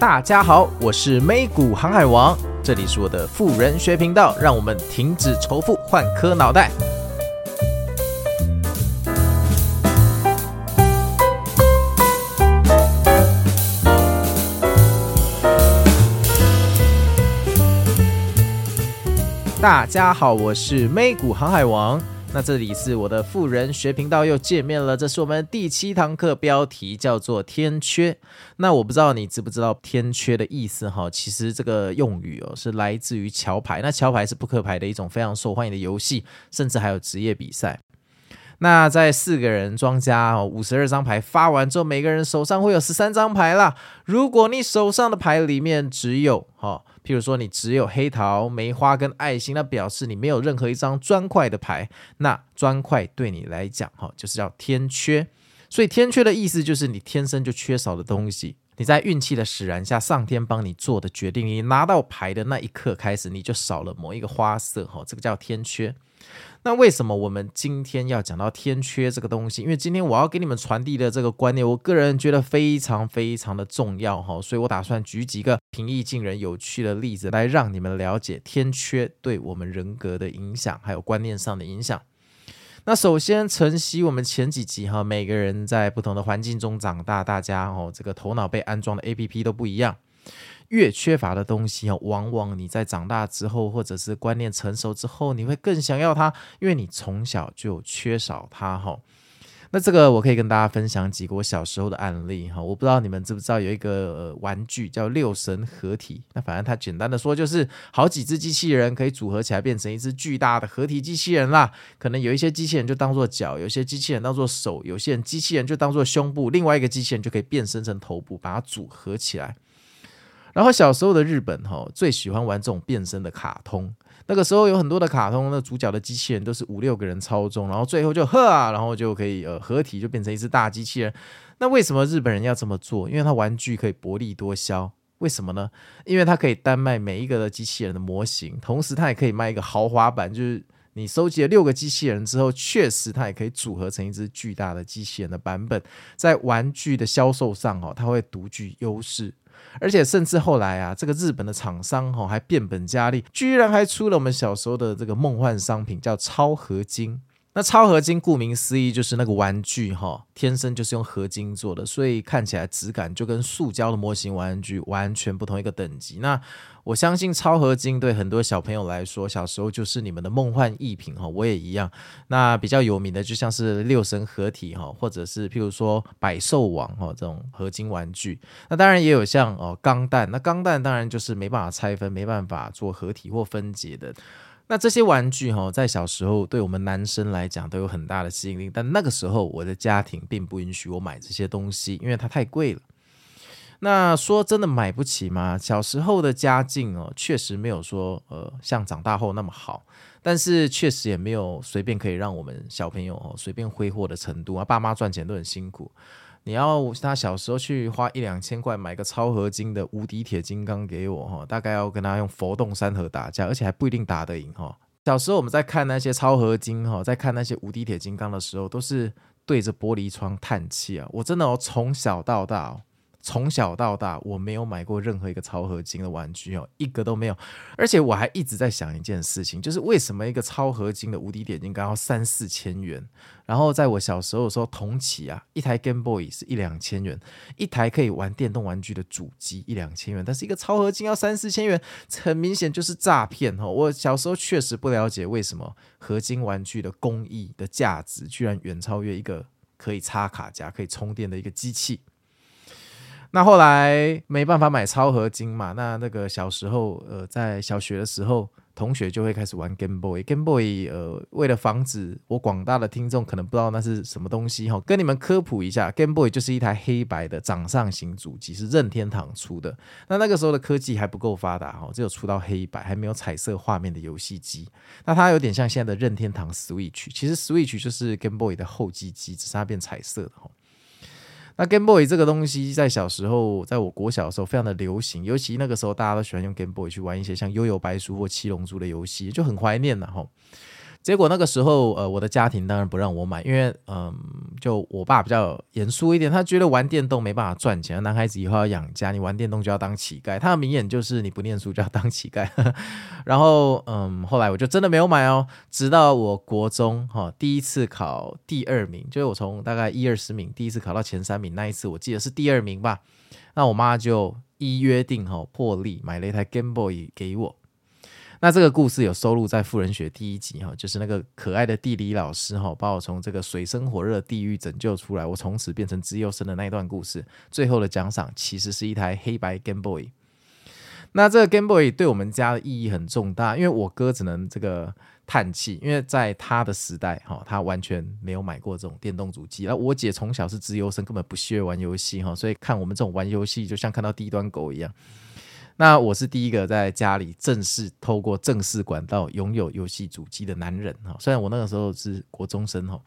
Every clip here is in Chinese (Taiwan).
大家好，我是美股航海王，這裡是我的富人學頻道，讓我們停止仇富，換顆腦袋。大家好，我是美股航海王。那這裡是我的富人學頻道，又見面了。這是我們第七堂課，標題叫做天缺。那我不知道你知不知道天缺的意思哈？其實這個用語哦是來自於橋牌，那橋牌是撲克牌的一種非常受歡迎的遊戲，甚至還有職業比賽。那在四個人莊家哦，五十二張牌發完之後，每個人手上會有十三張牌啦。如果你手上的牌裡面只有哈。譬如說，你只有黑桃、梅花跟愛心，那表示你沒有任何一張磚塊的牌。那磚塊對你來講，哈，就是叫天缺。所以天缺的意思就是你天生就缺少的東西。你在運氣的使然下，上天幫你做的決定，你拿到牌的那一刻開始，你就少了某一個花色，哈，這個叫天缺。那為什麼我們今天要講到天缺這個東西？因為今天我要給你們傳遞的這個觀念，我個人覺得非常非常的重要，所以我打算舉幾個平易近人、有趣的例子，來讓你們了解天缺對我們人格的影響，還有觀念上的影響。那首先，晨曦，我們前幾集哈，每個人在不同的環境中長大，大家哦，這個頭腦被安裝的 APP 都不一樣。越缺乏的東西，往往你在長大之後，或者是觀念成熟之後，你會更想要它，因為你從小就缺少它哈。那這個我可以跟大家分享幾個我小時候的案例哈。我不知道你們知不知道有一個玩具叫六神合體，那反正它簡單的說就是好幾隻機器人可以組合起來變成一隻巨大的合體機器人啦。可能有一些機器人就當做腳，有些機器人當做手，有些人機器人就當做胸部，另外一個機器人就可以變身成頭部，把它組合起來。然後小時候的日本哈、哦，最喜歡玩這種變身的卡通。那個時候有很多的卡通，那主角的機器人都是五六個人操縱，然後最後就呵，啊，然後就可以呃合體，就變成一只大機器人。那為什麼日本人要這麼做？因為他玩具可以薄利多銷。為什麼呢？因為他可以單賣每一個的機器人的模型，同時他也可以賣一個豪華版，就是你收集了六個機器人之後，確實它也可以組合成一隻巨大的機器人的版本。在玩具的銷售上，哦，它會獨具優勢。而且甚至後來啊，這個日本的廠商吼，還變本加厲，居然還出了我們小時候的這個夢幻商品，叫超合金。那超合金顧名思義就是那個玩具哈，天生就是用合金做的，所以看起來質感就跟塑膠的模型玩具完全不同一個等級。那我相信超合金對很多小朋友來說，小時候就是你們的夢幻逸品哈，我也一樣。那比較有名的就像是六神合體哈，或者是譬如說百獸王哈這種合金玩具。那當然也有像哦鋼彈，那鋼彈當然就是沒辦法拆分，沒辦法做合體或分解的。那這些玩具哈、哦，在小時候對我們男生來講都有很大的吸引力，但那個時候我的家庭並不允許我買這些東西，因為它太貴了。那說真的買不起嗎？小時候的家境哦，確實沒有說呃像長大後那麼好，但是確實也沒有隨便可以讓我們小朋友、哦、隨便揮霍的程度啊，爸媽賺錢都很辛苦。你要他小時候去花一兩千塊買個超合金的無敵鐵金剛給我哈，大概要跟他用佛動山河打架，而且還不一定打得贏哈。小時候我們在看那些超合金哈，在看那些無敵鐵金剛的時候，都是對着玻璃窗嘆氣啊。我真的哦，從小到大，哦。從小到大，我沒有買過任何一個超合金的玩具哦，一個都沒有。而且我還一直在想一件事情，就是為什麼一個超合金的無敵鐵金剛要三四千元？然後在我小時候的時候，同期啊，一台 Game Boy 是一兩千元，一台可以玩電動玩具的主機一兩千元，但是一個超合金要三四千元，很明顯就是詐騙哦，我小時候確實不了解為什麼合金玩具的工藝的價值居然遠超越一個可以插卡匣、可以充電的一個機器。那後來沒辦法買超合金嘛？那那個小時候，呃，在小學的時候，同學就會開始玩 Game Boy。Game Boy，呃，為了防止我廣大的聽眾可能不知道那是什麼東西哈、哦，跟你們科普一下，Game Boy 就是一台黑白的掌上型主機，是任天堂出的。那那個時候的科技還不夠發達哈、哦，只有出到黑白，還沒有彩色畫面的遊戲機。那它有點像現在的任天堂 Switch，其實 Switch 就是 Game Boy 的後繼機，只是它變彩色的哈。哦那 Game Boy 這個東西，在小時候，在我國小的時候非常的流行，尤其那個時候大家都喜歡用 Game Boy 去玩一些像《幽遊白書》或《七龍珠》的遊戲，就很懷念了吼。結果那個時候，呃，我的家庭當然不讓我買，因為，嗯，就我爸比較嚴肅一點，他覺得玩電動沒辦法賺錢，男孩子以後要養家，你玩電動就要當乞丐。他的名言就是“你不念書就要當乞丐”，呵呵。然後，嗯，後來我就真的沒有買哦。直到我國中，哈、哦，第一次考第二名，就是我從大概一二十名第一次考到前三名，那一次我記得是第二名吧。那我媽就依約定哈、哦，破例買了一台 Game Boy 給我。那這個故事有收錄在《富人學》第一集哈，就是那個可愛的地理老師哈，把我從這個水深火熱的地獄拯救出來，我從此變成資優生的那一段故事。最後的獎賞其實是一台黑白 Game Boy。那這個 Game Boy 對我們家的意義很重大，因為我哥只能這個嘆氣，因為在他的時代哈，他完全沒有買過這種電動主機。那我姐從小是資優生，根本不屑玩遊戲哈，所以看我們這種玩遊戲，就像看到低端狗一樣。那我是第一個在家裡正式透過正式管道擁有遊戲主機的男人哈，雖然我那個時候是國中生哈。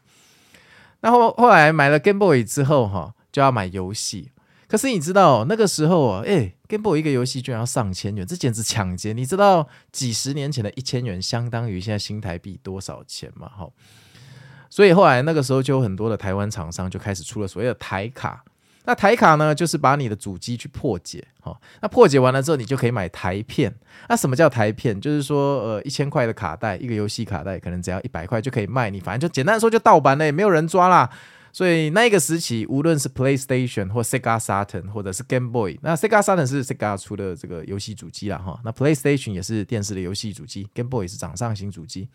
那後後來買了 Game Boy 之後哈，就要買遊戲，可是你知道那個時候啊，哎，Game Boy 一個遊戲居然要上千元，這簡直搶劫！你知道幾十年前的一千元相當於現在新台幣多少錢嗎？哈，所以後來那個時候就有很多的台灣廠商就開始出了所謂的台卡。那台卡呢，就是把你的主機去破解，哈、哦，那破解完了之後，你就可以買台片。那什麼叫台片？就是說，呃，一千塊的卡帶，一個遊戲卡帶，可能只要一百塊就可以賣你，反正就簡單說就盜版的，也沒有人抓啦。所以那一個時期，無論是 PlayStation 或 Sega Saturn 或者是 Game Boy，那 Sega Saturn 是 Sega 出的這個遊戲主機啦，哈、哦，那 PlayStation 也是電視的遊戲主機，Game Boy 也是掌上型主機。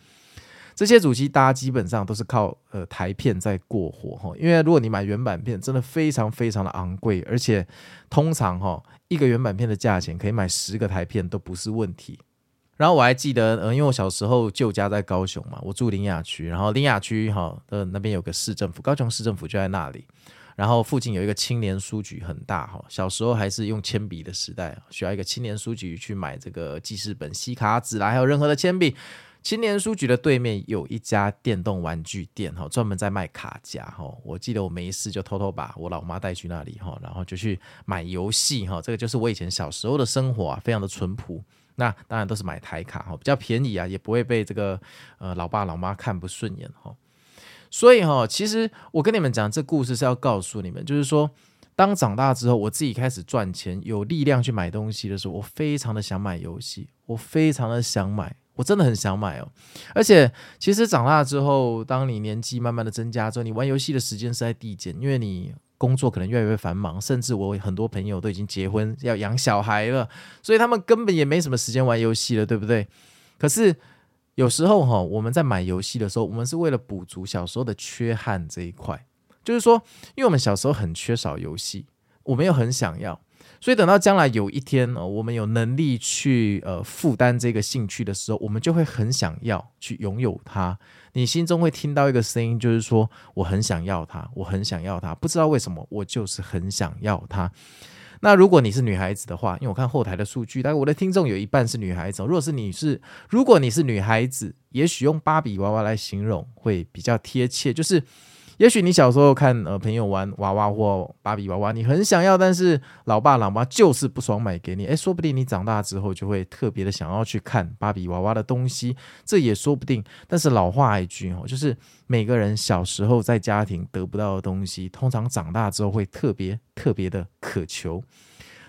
這些主機大家基本上都是靠呃台片在過活。哈，因為如果你買原版片，真的非常非常的昂貴，而且通常哈一個原版片的價錢可以買十個台片都不是問題。然後我還記得，嗯、呃，因為我小時候舊家在高雄嘛，我住苓雅區，然後苓雅區哈的、呃、那邊有個市政府，高雄市政府就在那裡，然後附近有一個青年書局很大哈，小時候還是用鉛筆的時代，需要一個青年書局去買這個記事本、西卡紙啦，還有任何的鉛筆。青年書局的對面有一家電動玩具店哈、哦，專門在賣卡夾哈、哦。我記得我沒事就偷偷把我老媽帶去那裡哈、哦，然後就去買遊戲哈、哦。這個就是我以前小時候的生活啊，非常的淳樸。那當然都是買台卡哈、哦，比較便宜啊，也不會被這個呃老爸老媽看不順眼哈、哦。所以哈、哦，其實我跟你們講這故事是要告訴你們，就是說當長大之後，我自己開始賺錢，有力量去買東西的時候，我非常的想買遊戲，我非常的想買。我真的很想買哦，而且其實長大之後，當你年紀慢慢的增加之後，你玩遊戲的時間是在遞減，因為你工作可能越來越繁忙，甚至我很多朋友都已經結婚要養小孩了，所以他們根本也沒什麼時間玩遊戲了，對不對？可是有時候哈，我們在買遊戲的時候，我們是為了補足小時候的缺憾這一塊，就是說，因為我們小時候很缺少遊戲，我們又很想要。所以等到將來有一天，哦、我們有能力去呃負擔這個興趣的時候，我們就會很想要去擁有它。你心中會聽到一個聲音，就是說我很想要它，我很想要它。不知道為什麼，我就是很想要它。那如果你是女孩子的話，因為我看後台的數據，大概我的聽眾有一半是女孩子。如果是你是，如果你是女孩子，也許用芭比娃娃來形容會比較貼切，就是。也許你小時候看呃朋友玩娃娃或芭比娃娃，你很想要，但是老爸老媽就是不爽買給你。誒、欸，說不定你長大之後就會特別的想要去看芭比娃娃的東西，這也說不定。但是老話一句哦，就是每個人小時候在家庭得不到的東西，通常長大之後會特別特別的渴求。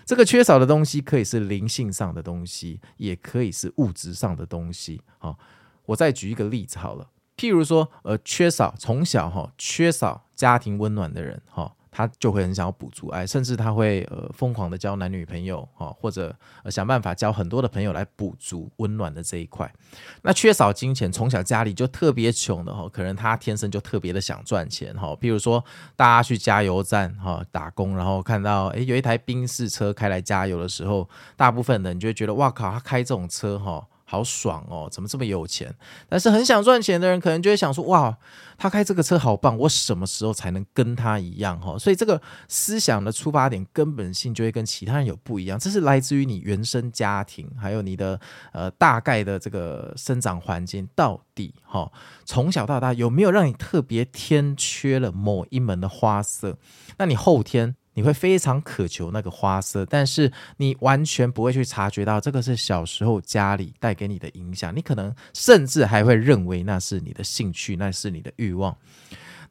這個缺少的東西可以是靈性上的東西，也可以是物質上的東西。好、哦，我再舉一個例子好了。譬如說，呃，缺少從小哈、哦、缺少家庭溫暖的人哈、哦，他就會很想要補足愛，甚至他會呃瘋狂的交男女朋友哈、哦，或者，呃、想辦法交很多的朋友來補足溫暖的這一塊。那缺少金錢，從小家裡就特別窮的哈、哦，可能他天生就特別的想賺錢哈、哦。譬如說，大家去加油站哈、哦、打工，然後看到誒有一台賓士車開來加油的時候，大部分人就會覺得哇靠，他開這種車哈。哦好爽哦！怎麼這麼有錢？但是很想賺錢的人，可能就會想說：哇，他開這個車好棒，我什麼時候才能跟他一樣？哈，所以這個思想的出發點根本性就會跟其他人有不一樣。這是來自於你原生家庭，還有你的呃大概的這個生長環境，到底哈、哦、從小到大有沒有讓你特別天缺了某一門的花色？那你後天。你會非常渴求那個花色，但是你完全不會去察覺到這個是小時候家裡帶給你的影響。你可能甚至還會認為那是你的興趣，那是你的欲望。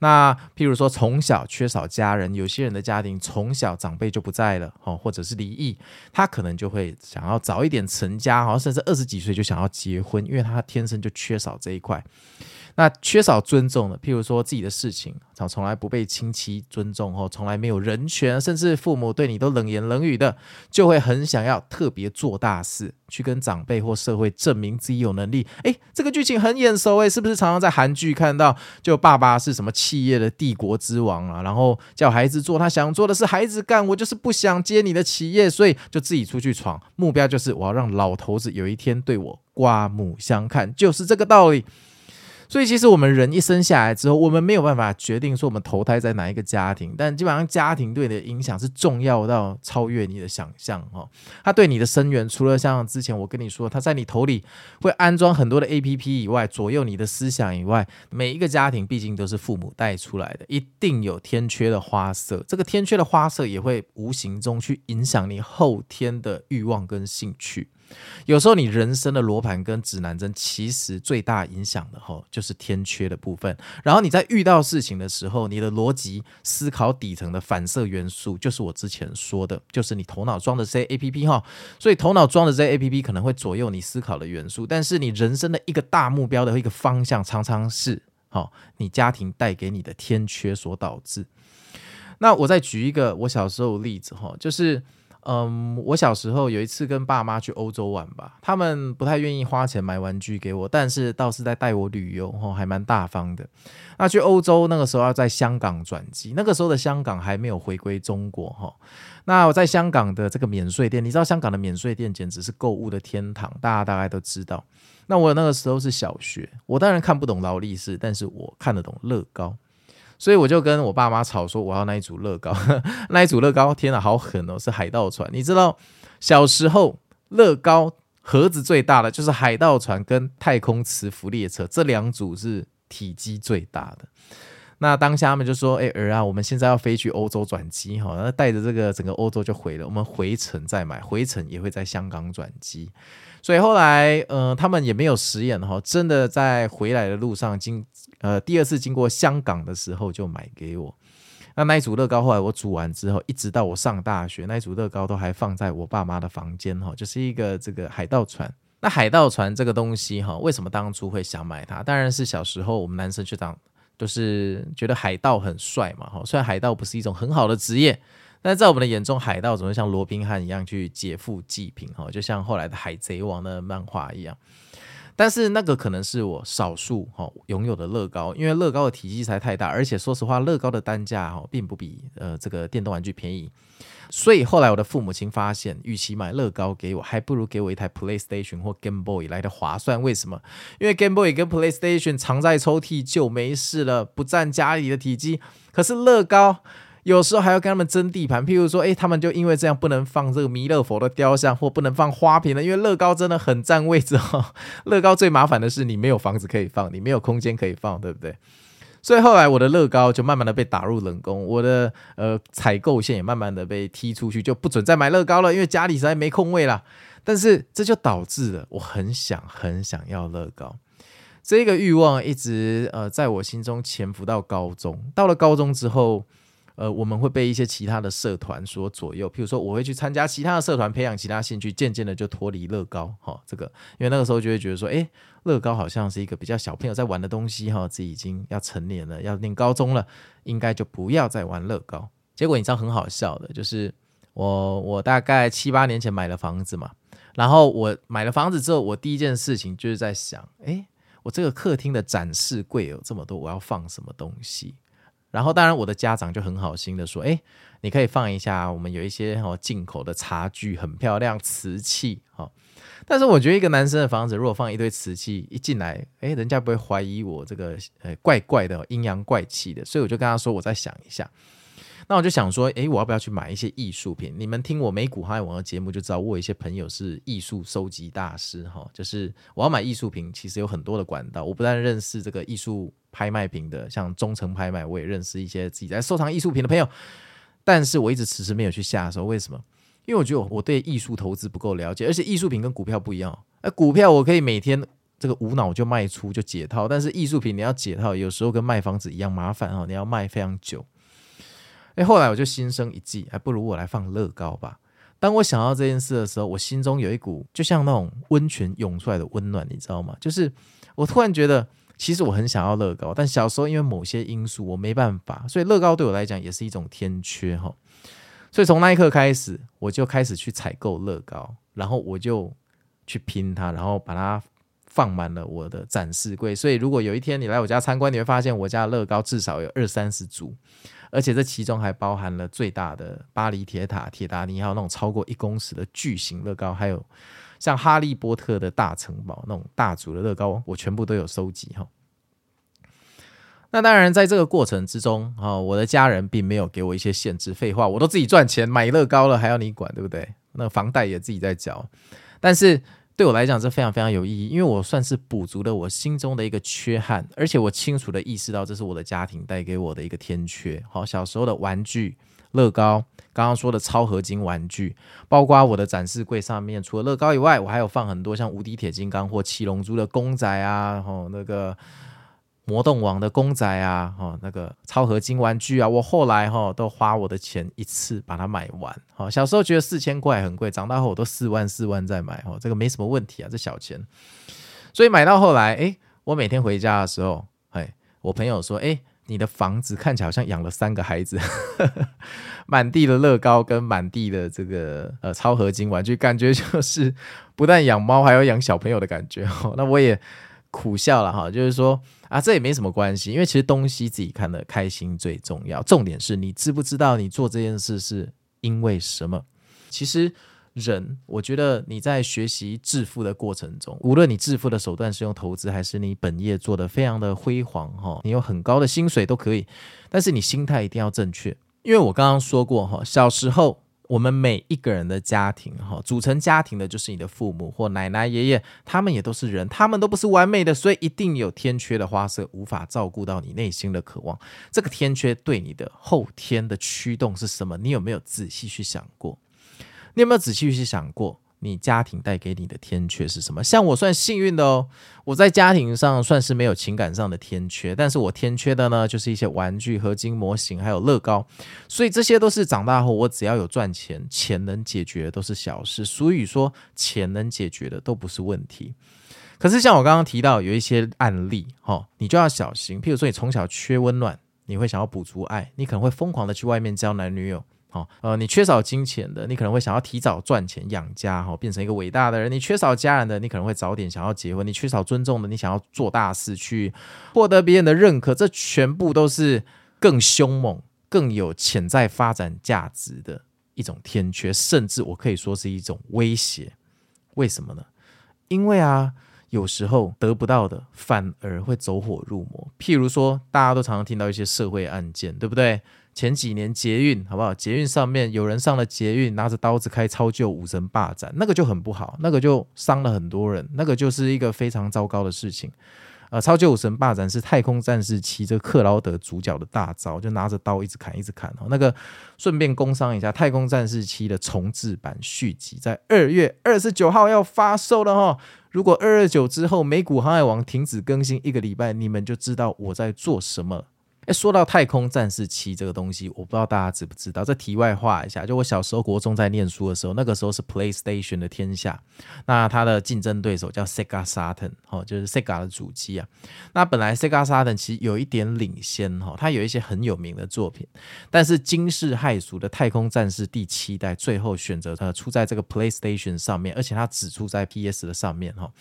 那譬如說，從小缺少家人，有些人的家庭從小長輩就不在了哦，或者是離異，他可能就會想要早一點成家哦，甚至二十幾歲就想要結婚，因為他天生就缺少這一塊。那缺少尊重的，譬如說自己的事情，常常從來不被親戚尊重或從來沒有人權，甚至父母對你都冷言冷語的，就會很想要特別做大事，去跟長輩或社會證明自己有能力。誒，這個劇情很眼熟誒、欸，是不是常常在韓劇看到？就爸爸是什麼企業的帝國之王啊，然後叫孩子做他想做的事，孩子幹，我就是不想接你的企業，所以就自己出去闖，目標就是我要讓老頭子有一天對我刮目相看，就是這個道理。所以，其實我們人一生下來之後，我們沒有辦法決定說我們投胎在哪一個家庭，但基本上家庭對你的影響是重要到超越你的想象哈。他對你的生源，除了像之前我跟你說他在你頭裡會安裝很多的 APP 以外，左右你的思想以外，每一個家庭畢竟都是父母帶出來的，一定有天缺的花色。這個天缺的花色也會無形中去影響你後天的欲望跟興趣。有時候你人生的羅盤跟指南針，其實最大影響的哈，就是天缺的部分。然後你在遇到事情的時候，你的邏輯思考底層的反射元素，就是我之前說的，就是你頭腦裝的這些 APP 哈。所以頭腦裝的這些 APP 可能會左右你思考的元素，但是你人生的一個大目標的一個方向，常常是哈，你家庭帶給你的天缺所導致。那我再舉一個我小時候的例子哈，就是。嗯，我小時候有一次跟爸媽去歐洲玩吧，他們不太願意花錢買玩具給我，但是倒是在帶我旅遊，吼，還蠻大方的。那去歐洲那個時候要在香港轉機，那個時候的香港還沒有回歸中國，哈。那我在香港的這個免稅店，你知道香港的免稅店簡直是購物的天堂，大家大概都知道。那我那個時候是小學，我當然看不懂勞力士，但是我看得懂樂高。所以我就跟我爸媽吵說，我要那一組樂高， 那一組樂高，天哪，好狠哦，是海盜船。你知道，小時候樂高盒子最大的就是海盜船跟太空磁浮列車這兩組是體積最大的。那當下他們就說：“誒兒啊，我們現在要飛去歐洲轉機哈，那帶着這個整個歐洲就回了，我們回程再買，回程也會在香港轉機。”所以後來，嗯、呃，他們也沒有食言哈，真的在回來的路上經。呃，第二次經過香港的時候就買給我。那那一組樂高後來我組完之後，一直到我上大學，那一組樂高都還放在我爸媽的房間哈、哦，就是一個這個海盜船。那海盜船這個東西哈、哦，為什麼當初會想買它？當然是小時候我們男生去當，就是覺得海盜很帥嘛哈、哦。雖然海盜不是一種很好的職業，但在我們的眼中，海盜總是像羅賓漢一樣去劫富濟貧哈、哦，就像後來的海賊王的漫畫一樣。但是那個可能是我少數哈擁有的樂高，因為樂高的體積才太大，而且說實話，樂高的單價哈並不比呃這個電動玩具便宜。所以後來我的父母親發現，與其買樂高給我，還不如給我一台 PlayStation 或 Game Boy 來的划算。為什麼？因為 Game Boy 跟 PlayStation 藏在抽屜就沒事了，不佔家裡的體積。可是樂高。有時候還要跟他們爭地盤，譬如說，哎，他們就因為這樣不能放這個彌勒佛的雕像，或不能放花瓶了，因為樂高真的很占位置哈。樂高最麻煩的是，你沒有房子可以放，你沒有空間可以放，對不對？所以後來我的樂高就慢慢的被打入冷宮，我的呃採購線也慢慢的被踢出去，就不准再買樂高了，因為家裡實在沒空位了。但是這就導致了我很想很想要樂高，這個慾望一直呃在我心中潛伏到高中。到了高中之後。呃，我們會被一些其他的社團所左右，譬如說，我會去參加其他的社團，培養其他興趣，漸漸的就脫離樂高哈、哦。這個，因為那個時候就會覺得說，哎，樂高好像是一個比較小朋友在玩的東西哈、哦。自己已經要成年了，要念高中了，應該就不要再玩樂高。結果，你知道很好笑的，就是我，我大概七八年前買了房子嘛，然後我買了房子之後，我第一件事情就是在想，哎，我這個客廳的展示櫃有、哦、這麼多，我要放什麼東西？然後，當然，我的家長就很好心的說：“哎，你可以放一下，我們有一些哦進口的茶具，很漂亮，瓷器哈。哦”但是我覺得一個男生的房子如果放一堆瓷器，一進來，哎，人家不會懷疑我這個呃怪怪的、哦、陰陽怪氣的，所以我就跟他說：“我再想一下。”那我就想說，誒，我要不要去買一些藝術品？你們聽我美股航海王的節目就知道，我有一些朋友是藝術收集大師哈。就是我要買藝術品，其實有很多的管道。我不但認識這個藝術拍賣品的，像中誠拍賣，我也認識一些自己在收藏藝術品的朋友。但是我一直遲遲沒有去下手，為什麼？因為我覺得我對藝術投資不夠了解，而且藝術品跟股票不一樣。哎，股票我可以每天這個無腦就賣出就解套，但是藝術品你要解套，有時候跟賣房子一樣麻煩哈。你要賣非常久。後來我就心生一計，還不如我來放樂高吧。當我想到這件事的時候，我心中有一股就像那種溫泉湧出來的溫暖，你知道嗎？就是我突然覺得，其實我很想要樂高，但小時候因為某些因素我沒辦法，所以樂高對我來講也是一種天缺哈。所以從那一刻開始，我就開始去採購樂高，然後我就去拼它，然後把它。放滿了我的展示櫃，所以如果有一天你來我家參觀，你會發現我家的樂高至少有二三十組，而且這其中還包含了最大的巴黎鐵塔、鐵達尼號，還有那種超過一公尺的巨型樂高，還有像哈利波特的大城堡那種大組的樂高，我全部都有收集哈。那當然，在這個過程之中啊，我的家人並沒有給我一些限制。廢話，我都自己賺錢買樂高了，還要你管，對不對？那房貸也自己在交，但是。對我來講，這非常非常有意義，因為我算是補足了我心中的一個缺憾，而且我清楚的意識到這是我的家庭帶給我的一個天缺。好，小時候的玩具樂高，剛剛說的超合金玩具，包括我的展示櫃上面，除了樂高以外，我還有放很多像無敵鐵金剛或七龍珠的公仔啊，然後，哦，那個。魔動王的公仔啊，哈、哦，那個超合金玩具啊，我後來哈、哦、都花我的錢一次把它買完。哈、哦，小時候覺得四千塊很貴，長大後我都四萬四萬再買。哦，這個沒什麼問題啊，這小錢。所以買到後來，誒，我每天回家的時候，誒，我朋友說，誒，你的房子看起來好像養了三個孩子，呵呵，滿地的樂高跟滿地的這個呃超合金玩具，感覺就是不但養貓，還要養小朋友的感覺。哦，那我也。苦笑了哈，就是說啊，這也沒什麼關係，因為其實東西自己看得開心最重要。重點是你知不知道你做這件事是因為什麼？其實人，我覺得你在學習致富的過程中，無論你致富的手段是用投資，還是你本業做得非常的輝煌哈，你有很高的薪水都可以，但是你心態一定要正確，因為我剛剛說過哈，小時候。我們每一個人的家庭，哈，組成家庭的就是你的父母或奶奶爺爺，他們也都是人，他們都不是完美的，所以一定有天缺的花色，無法照顧到你內心的渴望。這個天缺對你的後天的驅動是什麼？你有沒有仔細去想過？你有沒有仔細去想過？你家庭帶給你的天缺是什麼？像我算幸運的哦，我在家庭上算是沒有情感上的天缺，但是我天缺的呢，就是一些玩具、合金模型還有樂高，所以這些都是長大後我只要有賺錢，錢能解決的都是小事，所以說錢能解決的都不是問題。可是像我剛剛提到有一些案例，哈，你就要小心。譬如說你從小缺溫暖，你會想要補足愛，你可能會瘋狂的去外面交男女友。好、哦，呃，你缺少金錢的，你可能會想要提早賺錢養家，哈、哦，變成一個偉大的人；你缺少家人的，你可能會早點想要結婚；你缺少尊重的，你想要做大事去獲得別人的認可。這全部都是更兇猛、更有潛在發展價值的一種天缺，甚至我可以說是一種威脅。為什麼呢？因為啊，有時候得不到的反而會走火入魔。譬如說，大家都常常聽到一些社會案件，對不對？前幾年捷運好不好？捷運上面有人上了捷運，拿着刀子開超究武神霸斬，那個就很不好，那個就傷了很多人，那個就是一個非常糟糕的事情。呃，超究武神霸斬是太空戰士七這克勞德主角的大招，就拿着刀一直砍一直砍，哦。那個順便工商一下，太空戰士七的重製版續集在二月二十九號要發售了哦，如果二二九之後美股航海王停止更新一個禮拜，你們就知道我在做什麼。說到《太空戰士七》這個東西，我不知道大家知不知道。在題外話一下，就我小時候國中在念書的時候，那個時候是 PlayStation 的天下。那它的競爭對手叫 Sega Saturn，哦，就是 Sega 的主機啊。那本來 Sega Saturn 其實有一點領先，哈，哦，它有一些很有名的作品。但是驚世駭俗的《太空戰士》第七代最後選擇它出在這個 PlayStation 上面，而且它只出在 PS 的上面，哈，哦。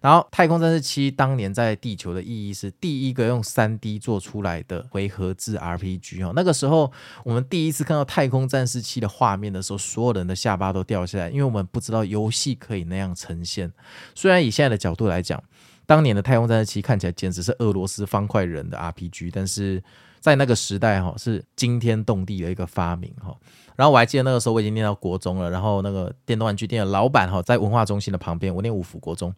然後《太空戰士七》當年在地球的意義是第一個用 3D 做出來的。回合制 RPG 哦，那個時候我們第一次看到《太空戰士七》的畫面的時候，所有人的下巴都掉下來，因為我們不知道遊戲可以那樣呈現。雖然以現在的角度來講，當年的《太空戰士七》看起來簡直是俄羅斯方塊人的 RPG，但是在那個時代哈，是驚天動地的一個發明哈。然後我還記得那個時候我已經念到國中了，然後那個電動玩具店的老闆哈，在文化中心的旁邊，我念五福國中，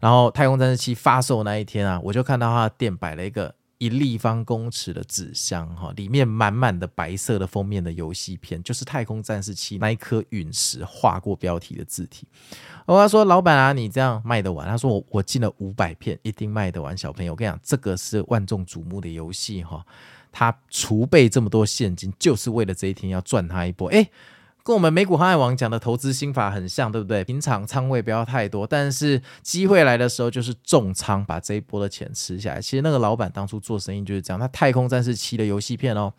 然後《太空戰士七》發售那一天啊，我就看到他的店擺了一個。一立方公尺的紙箱哈，裡面滿滿的白色的封面的遊戲片，就是《太空戰士七》那一顆隕石劃過標題的字體。我跟他說：“老闆啊，你這樣賣得完？”他說我：“我我進了五百片，一定賣得完。”小朋友，我跟你講，這個是萬眾矚目的遊戲哈，他儲備這麼多現金，就是為了這一天要賺他一波。誒、欸。跟我們美股航海王講的投資心法很像，對不對？平常倉位不要太多，但是機會來的時候就是重倉，把這一波的錢吃下來。其實那個老闆當初做生意就是這樣。他《太空戰士七》的遊戲片哦，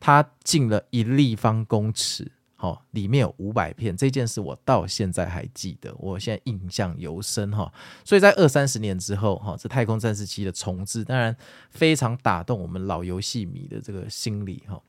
他進了一立方公尺，哦，裡面有五百片。這件事我到現在還記得，我現在印象尤深哈，哦。所以在二三十年之後哈，哦，這《太空戰士七》的重置當然非常打動我們老遊戲迷的這個心理哈。哦。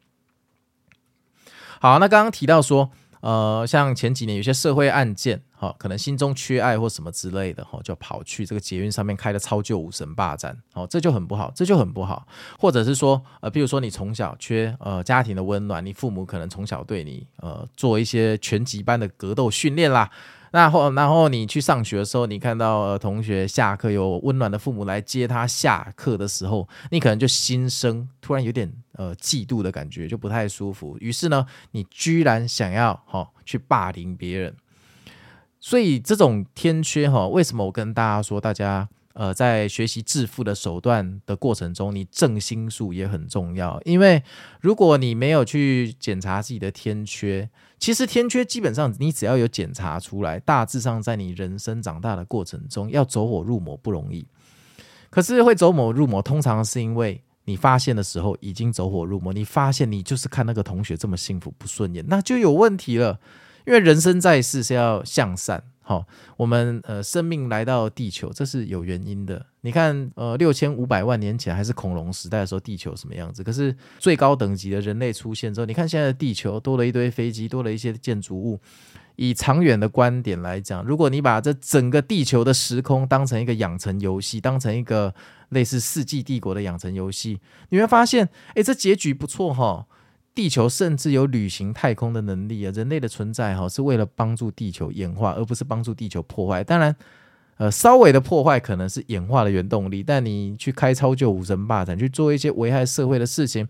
好，那剛剛提到說，呃，像前幾年有些社會案件，哈、哦，可能心中缺愛或什麼之類的，哈、哦，就跑去這個捷運上面開的超舊武神霸佔，哦，這就很不好，這就很不好，或者是說，呃，比如說你從小缺，呃，家庭的溫暖，你父母可能從小對你，呃，做一些拳擊般的格鬥訓練啦。那後，然後你去上學的時候，你看到呃同學下課有溫暖的父母來接他下課的時候，你可能就心生突然有點呃嫉妒的感覺，就不太舒服。於是呢，你居然想要吼去霸凌別人。所以這種天缺吼，為什麼我跟大家說，大家？呃，在學習致富的手段的過程中，你正心術也很重要。因為如果你沒有去檢查自己的天缺，其實天缺基本上你只要有檢查出來，大致上在你人生長大的過程中要走火入魔不容易。可是會走火入魔，通常是因為你發現的時候已經走火入魔，你發現你就是看那個同學這麼幸福不順眼，那就有問題了。因為人生在世是要向善。好、哦，我們呃，生命來到地球，這是有原因的。你看，呃，六千五百萬年前還是恐龍時代的時候，地球什麼樣子？可是最高等級的人類出現之後，你看現在的地球多了一堆飛機，多了一些建築物。以長遠的觀點來講，如果你把這整個地球的時空當成一個養成遊戲，當成一個類似《世紀帝國》的養成遊戲，你會發現，哎，這結局不錯哈。地球甚至有旅行太空的能力啊！人類的存在哈是為了幫助地球演化，而不是幫助地球破壞。當然，呃，稍微的破壞可能是演化的原動力，但你去開超就五神霸展，去做一些危害社會的事情，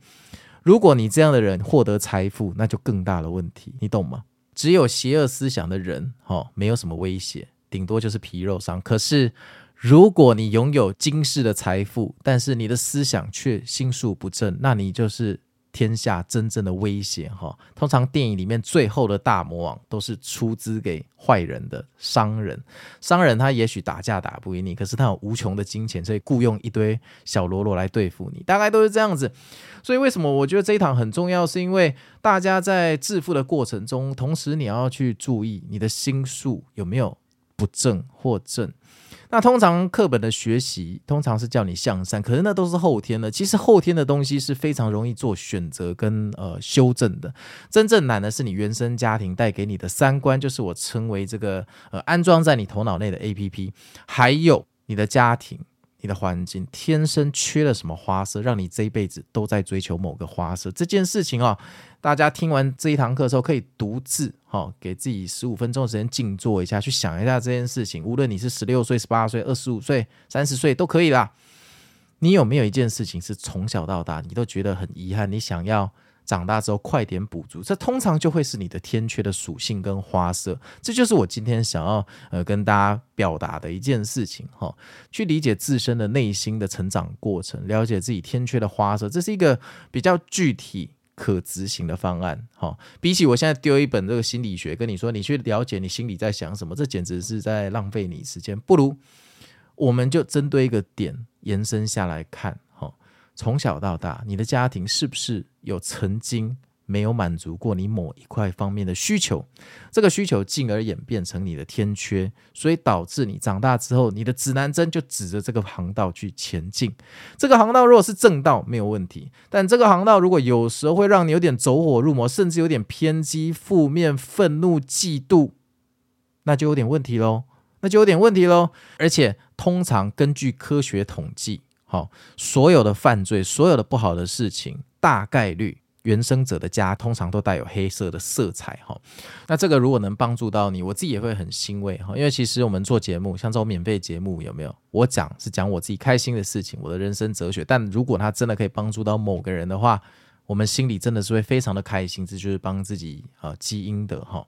如果你這樣的人獲得財富，那就更大的問題，你懂嗎？只有邪惡思想的人哈、哦，沒有什麼威脅，頂多就是皮肉傷。可是，如果你擁有驚世的財富，但是你的思想卻心術不正，那你就是。天下真正的威脅，哈，通常電影裡面最後的大魔王都是出資給壞人的商人。商人他也許打架打不贏你，可是他有無窮的金錢，所以雇傭一堆小嘍囉來對付你，大概都是這樣子。所以為什麼我覺得這一堂很重要，是因為大家在致富的過程中，同時你要去注意你的心術有沒有不正或正。那通常課本的學習，通常是叫你向善，可是那都是後天的。其實後天的東西是非常容易做選擇跟呃修正的，真正難的是你原生家庭帶給你的三觀，就是我稱為這個呃安裝在你頭腦內的 APP，還有你的家庭。你的環境天生缺了什麼花色，讓你這一輩子都在追求某個花色這件事情哦，大家聽完這一堂課之後，可以獨自哦，給自己十五分鐘的時間靜坐一下，去想一下這件事情。無論你是十六歲、十八歲、二十五歲、三十歲都可以啦。你有沒有一件事情是從小到大你都覺得很遺憾？你想要？長大之後快點補足，這通常就會是你的天缺的屬性跟花色。這就是我今天想要呃跟大家表達的一件事情哈，去理解自身的內心的成長過程，了解自己天缺的花色，這是一個比較具體可執行的方案哈。比起我現在丟一本這個心理學跟你說，你去了解你心裡在想什麼，這簡直是在浪費你時間。不如我們就針對一個點延伸下來看。從小到大，你的家庭是不是有曾經沒有滿足過你某一塊方面的需求？這個需求進而演變成你的天缺，所以導致你長大之後，你的指南針就指着這個航道去前進。這個航道如果是正道，沒有問題；但這個航道如果有時候會讓你有點走火入魔，甚至有點偏激、負面、憤怒、嫉妒，那就有點問題嘍。那就有點問題嘍。而且，通常根據科學統計，好、哦，所有的犯罪，所有的不好的事情，大概率原生者的家通常都帶有黑色的色彩。哈、哦，那這個如果能幫助到你，我自己也會很欣慰。哈、哦，因為其實我們做節目，像這種免費節目，有沒有？我講是講我自己開心的事情，我的人生哲學。但如果他真的可以幫助到某個人的話，我們心裡真的是會非常的開心。這就是幫自己啊積陰德。哈、哦哦，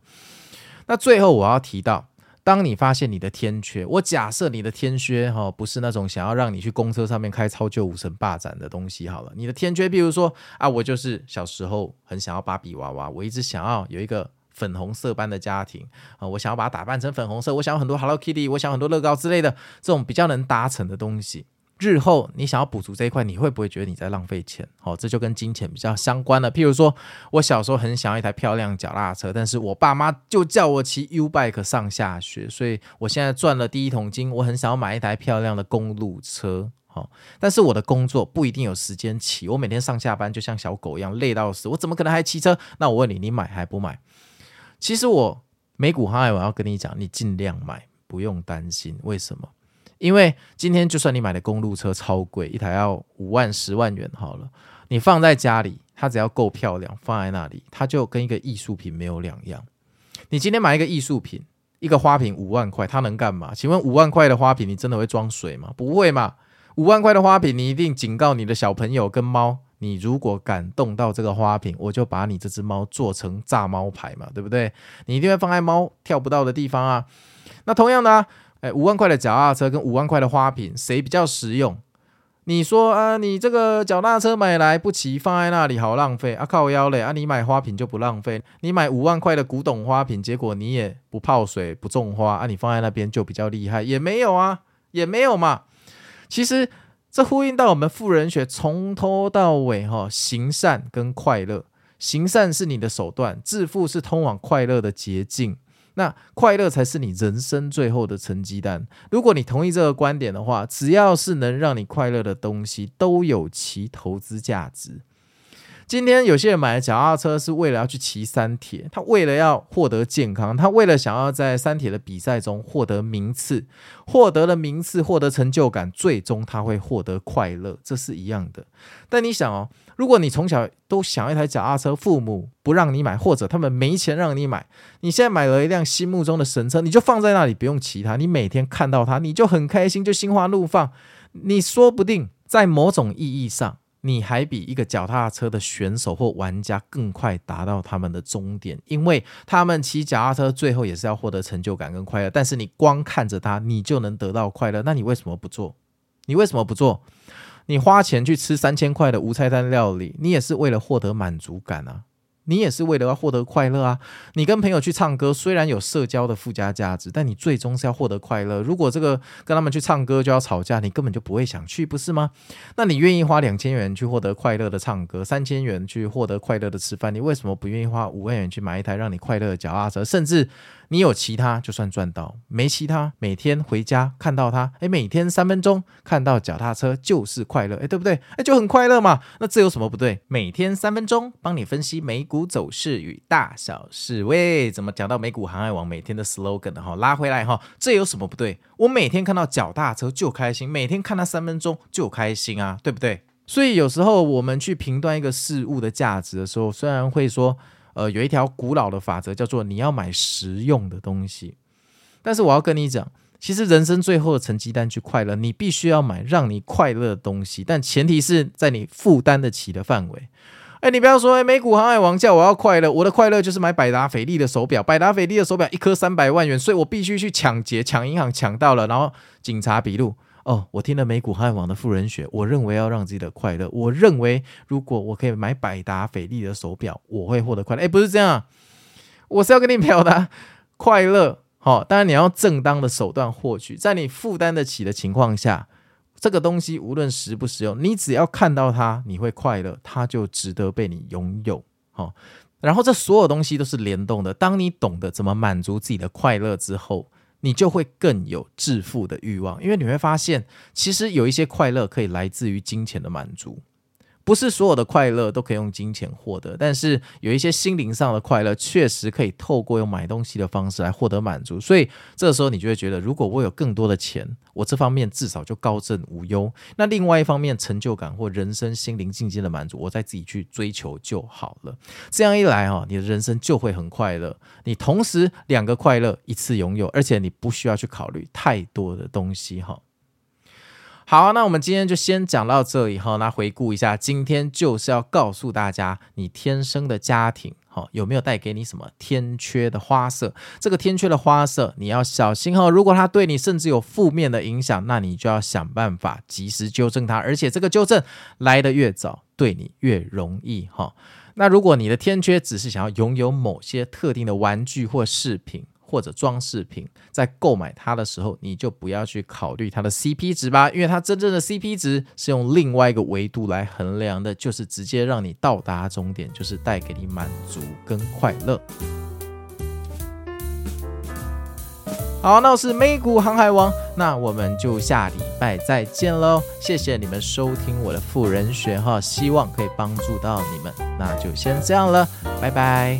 那最後我要提到。當你發現你的天缺，我假設你的天缺哈，不是那種想要讓你去公車上面開超舊五層霸展的東西。好了，你的天缺，比如說啊，我就是小時候很想要芭比娃娃，我一直想要有一個粉紅色般的家庭啊，我想要把它打扮成粉紅色，我想要很多 Hello Kitty，我想很多樂高之類的，這種比較能達成的東西。日後你想要補足這一塊，你會不會覺得你在浪費錢？哦，這就跟金錢比較相關了。譬如說，我小時候很想要一台漂亮腳踏車，但是我爸媽就叫我騎 U bike 上下學，所以我現在賺了第一桶金，我很想要買一台漂亮的公路車。好，哦，但是我的工作不一定有時間騎，我每天上下班就像小狗一樣累到死，我怎麼可能還騎車？那我問你，你買還不買？其實我美股航海王，我要跟你講，你盡量買，不用擔心，為什麼？因為今天，就算你買的公路車超貴，一台要五萬十萬元，好了，你放在家裡，它只要夠漂亮，放在那裡，它就跟一個藝術品沒有兩樣。你今天買一個藝術品，一個花瓶五萬塊，它能幹嘛？請問五萬塊的花瓶，你真的會裝水嗎？不會嘛。五萬塊的花瓶，你一定警告你的小朋友跟貓，你如果敢動到這個花瓶，我就把你這隻貓做成炸貓牌嘛，對不對？你一定會放在貓跳不到的地方啊。那同樣的啊。五萬塊的腳踏車跟五萬塊的花瓶，誰比較實用？你說啊，你這個腳踏車買來不騎，放在那裡好浪費啊！靠腰嘞啊！你買花瓶就不浪費，你買五萬塊的古董花瓶，結果你也不泡水，不種花啊！你放在那邊就比較厲害，也沒有啊，也沒有嘛。其實這呼應到我們富人學，從頭到尾哈，行善跟快樂，行善是你的手段，致富是通往快樂的捷徑。那快樂才是你人生最後的成績單。如果你同意這個觀點的話，只要是能讓你快樂的東西，都有其投資價值。今天有些人買的腳踏車是為了要去騎三鐵，他為了要獲得健康，他為了想要在三鐵的比賽中獲得名次，獲得了名次，獲得成就感，最終他會獲得快樂，這是一樣的。但你想哦，如果你從小都想要一台腳踏車，父母不讓你買，或者他們沒錢讓你買，你現在買了一輛心目中的神車，你就放在那裡不用騎它，你每天看到它，你就很開心，就心花怒放，你說不定在某種意義上，你還比一個腳踏車的選手或玩家更快達到他們的終點，因為他們騎腳踏車最後也是要獲得成就感跟快樂。但是你光看着他，你就能得到快樂，那你為什麼不做？你為什麼不做？你花錢去吃三千塊的無菜單料理，你也是為了獲得滿足感啊。你也是為了要獲得快樂啊！你跟朋友去唱歌，雖然有社交的附加價值，但你最終是要獲得快樂。如果這個跟他們去唱歌就要吵架，你根本就不會想去，不是嗎？那你願意花兩千元去獲得快樂的唱歌，三千元去獲得快樂的吃飯，你為什麼不願意花五萬元去買一台讓你快樂的腳踏車？甚至……你有騎它，就算賺到，沒騎它，每天回家看到它，哎，每天三分鐘看到腳踏車就是快樂，哎，對不對？哎，就很快樂嘛。那這有什麼不對？每天三分鐘幫你分析美股走勢與大小事。喂，怎麼講到美股航海王每天的 slogan 哈？拉回來哈，這有什麼不對？我每天看到腳踏車就開心，每天看它三分鐘就開心啊，對不對？所以有時候我們去評斷一個事物的價值的時候，雖然會說。呃，有一條古老的法則叫做你要買實用的東西，但是我要跟你講，其實人生最後的成績單是快樂，你必須要買讓你快樂的東西，但前提是在你負擔得起的範圍。哎，你不要說，哎，美股航海王叫我要快樂，我的快樂就是買百達翡麗的手表，百達翡麗的手表一顆三百萬元，所以我必須去搶劫，搶銀行搶到了，然後警察筆錄。哦，我聽了美股航海王的《富人學》，我認為要讓自己的快樂。我認為，如果我可以買百達翡麗的手錶，我會獲得快樂。誒，不是這樣，啊，我是要跟你表達快樂。好，哦，當然你要正當的手段獲取，在你負擔得起的情況下，這個東西無論實不實用，你只要看到它，你會快樂，它就值得被你擁有。好，哦，然後這所有東西都是聯動的。當你懂得怎麼滿足自己的快樂之後，你就會更有致富的慾望，因為你會發現，其實有一些快樂可以來自於金錢的滿足。不是所有的快樂都可以用金錢獲得，但是有一些心靈上的快樂確實可以透過用買東西的方式來獲得滿足。所以這時候你就會覺得，如果我有更多的錢，我這方面至少就高枕無憂。那另外一方面，成就感或人生心靈境界的滿足，我再自己去追求就好了。這樣一來哈，你的人生就會很快樂。你同時兩個快樂一次擁有，而且你不需要去考慮太多的東西哈。好，那我們今天就先講到這裡哈，那回顧一下，今天就是要告訴大家，你天生的家庭，哈，有沒有帶給你什麼天缺的花色？這個天缺的花色，你要小心哈。如果它對你甚至有負面的影響，那你就要想辦法及時糾正它。而且這個糾正來得越早，對你越容易哈。那如果你的天缺只是想要擁有某些特定的玩具或飾品。或者裝飾品，在購買它的時候，你就不要去考慮它的 CP 值吧，因為它真正的 CP 值是用另外一個維度來衡量的，就是直接讓你到達終點，就是帶給你滿足跟快樂。好，那我是美股航海王，那我們就下禮拜再見嘍！謝謝你們收聽我的富人學哈，希望可以幫助到你們，那就先這樣了，拜拜。